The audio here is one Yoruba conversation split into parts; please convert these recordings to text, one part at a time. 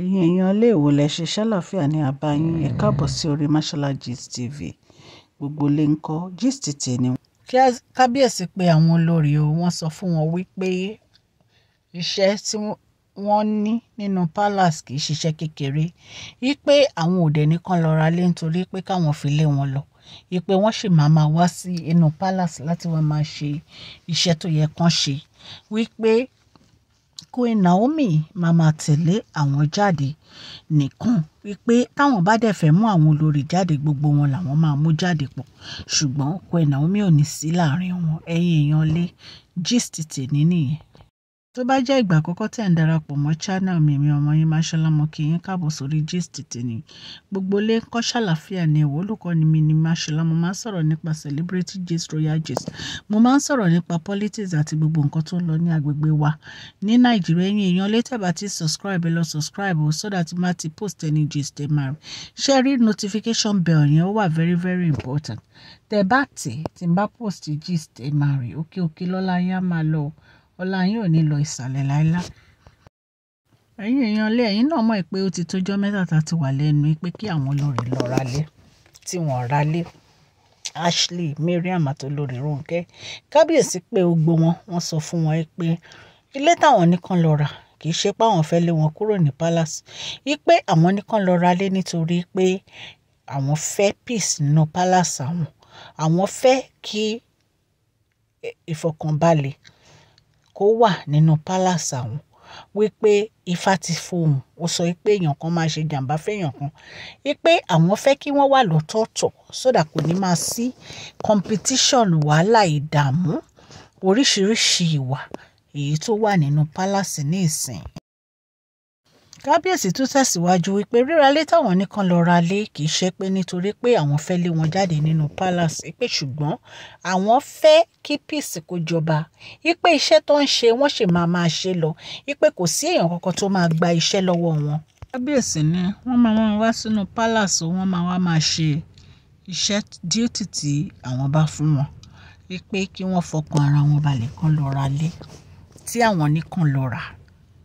Ẹ̀yin èèyàn ilé ìwò lẹ ṣe ṣẹ́ láfíà ní àbá yín. Ẹ káàbọ̀ sí orí Mashola Gist TV. Gbogbo lè ń kọ́ gist tèmi. Kábíyèsí pé àwọn olórí o, wọ́n sọ fún wọn wípé iṣẹ́ tí wọ́n ní nínú palace kì í ṣiṣẹ́ kékeré. Wípé àwọn òde nìkan lọ ra lé nítorí pé káwọn fi lé wọn lọ. Wípé wọ́n sì máa ma wá sí inú palace láti wá máa ṣe iṣẹ́ tó yẹ kán ṣe. Wípé Queen Naomi máa máa tẹ̀lé àwọn jáde nìkan wípé táwọn bá dẹ̀ fẹ́ mú àwọn olórí jáde gbogbo wọn làwọn máa mú jáde pọ̀ ṣùgbọ́n Queen Naomi ò ní sí láàrin wọn ẹ̀yin èèyàn lé gist tèmi nìyẹn. Tó bá jẹ́ ìgbà àkọ́kọ́ tí ń darapọ̀ mọ́ channel mi, ọmọ yín Máṣọ́lá mo kí yín káàbọ̀ sórí Gist tèní. Gbogbo ilé ń kọ́ ṣàlàfíà ni ẹ̀wọ̀ olùkọ́ ni mi ni Máṣọ́lá. Mo máa ń sọ̀rọ̀ nípa celebrity gist, royal gist. Mo máa ń sọ̀rọ̀ nípa politics àti gbogbo nǹkan tó ń lọ ní agbègbè wa ní Nàìjíríà. Ẹ̀yin èèyàn ilé tẹ́ ti subscribe, ẹ lọ subscribe o so that máa ti post ẹni gist ẹ máa rí. Ṣé rí notification bell yẹn? Ó wà very, very important. Tẹ bá tẹ̀, tí n bá post gist ẹ máa rí. Ókè ókè lọ́la yín a máa lọ ọlá yín ò ní lọ ìsàlẹ̀ láíláí ẹ̀yin èèyàn lé ẹ̀yin náà mọ̀ pé ó ti tójọ́ mẹ́ta tá a ti wà lẹ́nu pé kí àwọn olórí lọ ralé tí wọ́n ralé Ashley Mariam àtolórí Rónkẹ́ kábíyèsí pé gbogbo wọn wọ́n sọ fún wọn pé ilé táwọn nìkan lọ rà kì í ṣe pé àwọn fẹ́ lé wọn kúrò ní palace ipe àwọn nìkan lọ ralé nítorí pé àwọn fẹ́ peace nínú palace àwọn àwọn fẹ́ kí ìfọkànbalẹ̀ e, kó wà nínú palace àwọn wípé ifá ti fohùn ó sọ pé èèyàn kan máa ṣe jàǹbá fẹ́yàn kan wípé àwọn fẹ́ kí wọ́n wà lọ́tọ̀ọ̀tọ̀ sódà kò ní máa sí competition wàhálà ìdààmú oríṣiríṣi ìwà èyí tó wà nínú palace ní ìsìn kábíyèsí tún tẹ̀síwájú wípé ríralé táwọn nìkan lọ ralé kì í ṣe pé nítorí pé àwọn fẹ́ lé wọn jáde nínú palace pé ṣùgbọ́n àwọn fẹ́ kí peace kó jọba ipe iṣẹ́ tó ń ṣe wọ́n ṣe máa máa ṣe lọ ipe kò sí èèyàn kankan tó máa gba iṣẹ́ lọ́wọ́ wọn. kábíyèsí ni wọ́n máa wọ́n wá sínú palace wọ́n máa wá máa ṣe iṣẹ́ duty tí àwọn bá fún wọn ipe kí wọ́n fọkàn ara wọn balẹ̀ kán lọ ralé tí àwọn nìkan lọ rà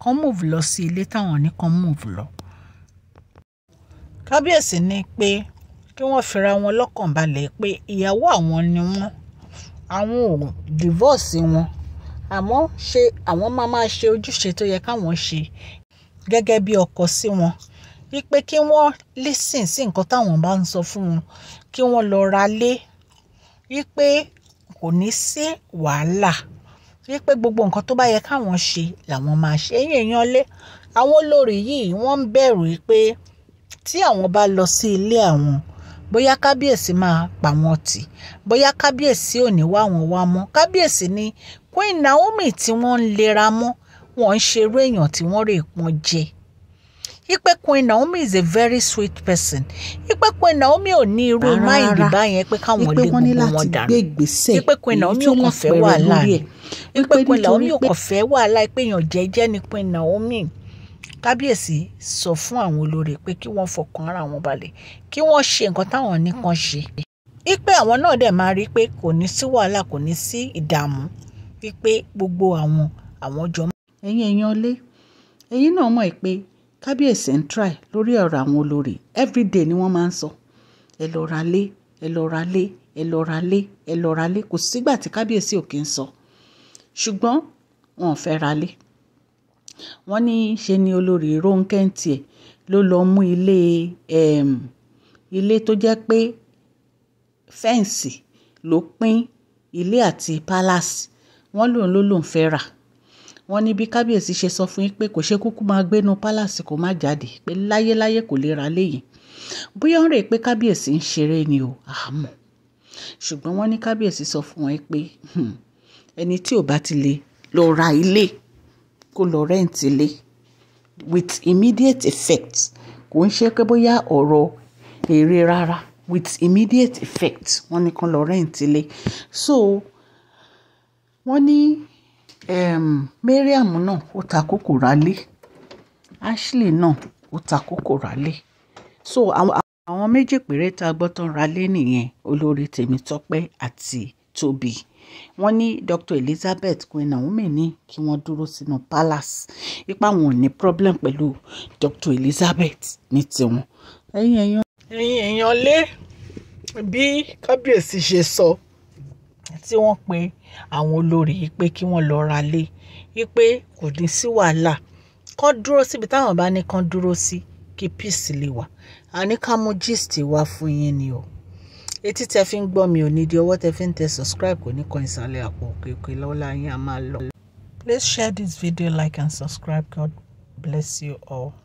kan move lọ sí ilé táwọn ní kan move lọ. kábíyèsí ní pé kí wọ́n fira wọn lọ́kàn balẹ̀ pé ìyàwó àwọn ni wọ́n àwọn ò divorce wọn àmọ́ ṣe àwọn máa máa ṣe ojúṣe tó yẹ káwọn ṣe gẹ́gẹ́ bí ọkọ sí wọn wípé kí wọ́n listen sí nǹkan táwọn bá ń sọ fún wọn kí wọ́n lọ ra lé wípé kò ní sí wàhálà tó yẹ pé gbogbo nǹkan tó bá yẹ káwọn ṣe làwọn máa ṣe ẹ̀yìn èèyàn lé àwọn olórí yìí wọ́n ń bẹ̀rù pé tí àwọn bá lọ sí ilé àwọn bóyá kábíyèsí máa pa wọ́n tì bóyá kábíyèsí ò ní wá wọn wá mọ́ kábíyèsí ni Queen Naomi tí wọ́n ń lera mọ́ wọ́n ń ṣerú èèyàn tí wọ́n rè pọ́n jẹ ipe Queen Naomi is a very sweet person ipe Queen Naomi ò ní irú mind báyẹn pé káwọn lè gbogbo wọn dànù ipe Queen Naomi ò kàn fẹ́ wàhálà ni ipe Queen Naomi ò kàn fẹ́ wàhálà ipe èèyàn jẹ́jẹ́ ni Queen Naomi kábíyèsí sọ fún àwọn olórí pé kí wọ́n fọkàn ara wọn balẹ̀ kí wọ́n ṣe nǹkan táwọn nìkan ṣe ipe àwọn náà dẹ̀ máa rí i pé kò ní sí wàhálà kò ní sí ìdààmú wípé gbogbo àwọn àwọn jọ. ẹ̀yin èèyàn lé ẹ̀yin náà mọ̀ pé kábíyèsí ń try lórí ọ̀rọ̀ àwọn olórí everyday ni wọ́n máa ń sọ ẹ lọ ra lé ẹ lọ ra lé ẹ lọ ra lé ẹ lọ ra lé kò sígbà tí kábíyèsí ò kí ń sọ ṣùgbọ́n wọn ò fẹ́ ra lé wọ́n ní ṣe ni olórí Rónkẹ́ ń tiẹ̀ ló lọ mú ilé ehm, ilé tó jẹ́ pé fẹ́ǹsì ló pín ilé àti palace wọ́n lòun ló lòun fẹ́ rà wọ́n ní bí kábíyèsí ṣe sọ fún yín pé kò ṣe kúkú máa gbénu pálàsì kó má jáde pé láyéláyé kò lè ra léyìí bóyá ń rè pé kábíyèsí ń ṣeré ni o àmọ́ ṣùgbọ́n wọ́n ní kábíyèsí sọ fún wọn pé hmm, ẹni tí ò bá ti lè lọ ra ilé kó lọ rẹ́ǹtì ilé with immediate effect kò ń ṣe pé bóyá ọ̀rọ̀ èrè rárá with immediate effect wọ́n ní kán lọ rẹ́ǹtì ilé so wọ́n ní um mariam náà ó ta kókò rálé ashley náà ó ta kókò rálé so àwọn méjì péré tá a gbọ́ tán rálé nìyẹn olórí tèmítọ́pẹ́ àti tóbi wọ́n ní dr elizabeth queen naomi ní kí wọ́n dúró sínú palace ipa wọn ò ní problem pẹ̀lú dr elizabeth ní tiwọn. ẹ̀yin èèyàn lé bí kábíyèsí ṣe sọ tí wọ́n pe àwọn olórí yìí pé kí wọ́n lọ ra lé yìí pé kò ní sí wàhálà kán dúró síbi táwọn bá ní kán dúró sí kí peace lè wà a ní ká mú gist wá fún yín ni o etí tẹ fi ń gbọ́ mi ò ní di ọwọ́ tẹ fi ń tẹ subscribe kò ní kan ìsàlẹ̀ àpò òkè lọ́la yín a máa lọ. Please share this video like and subscribe God bless you all.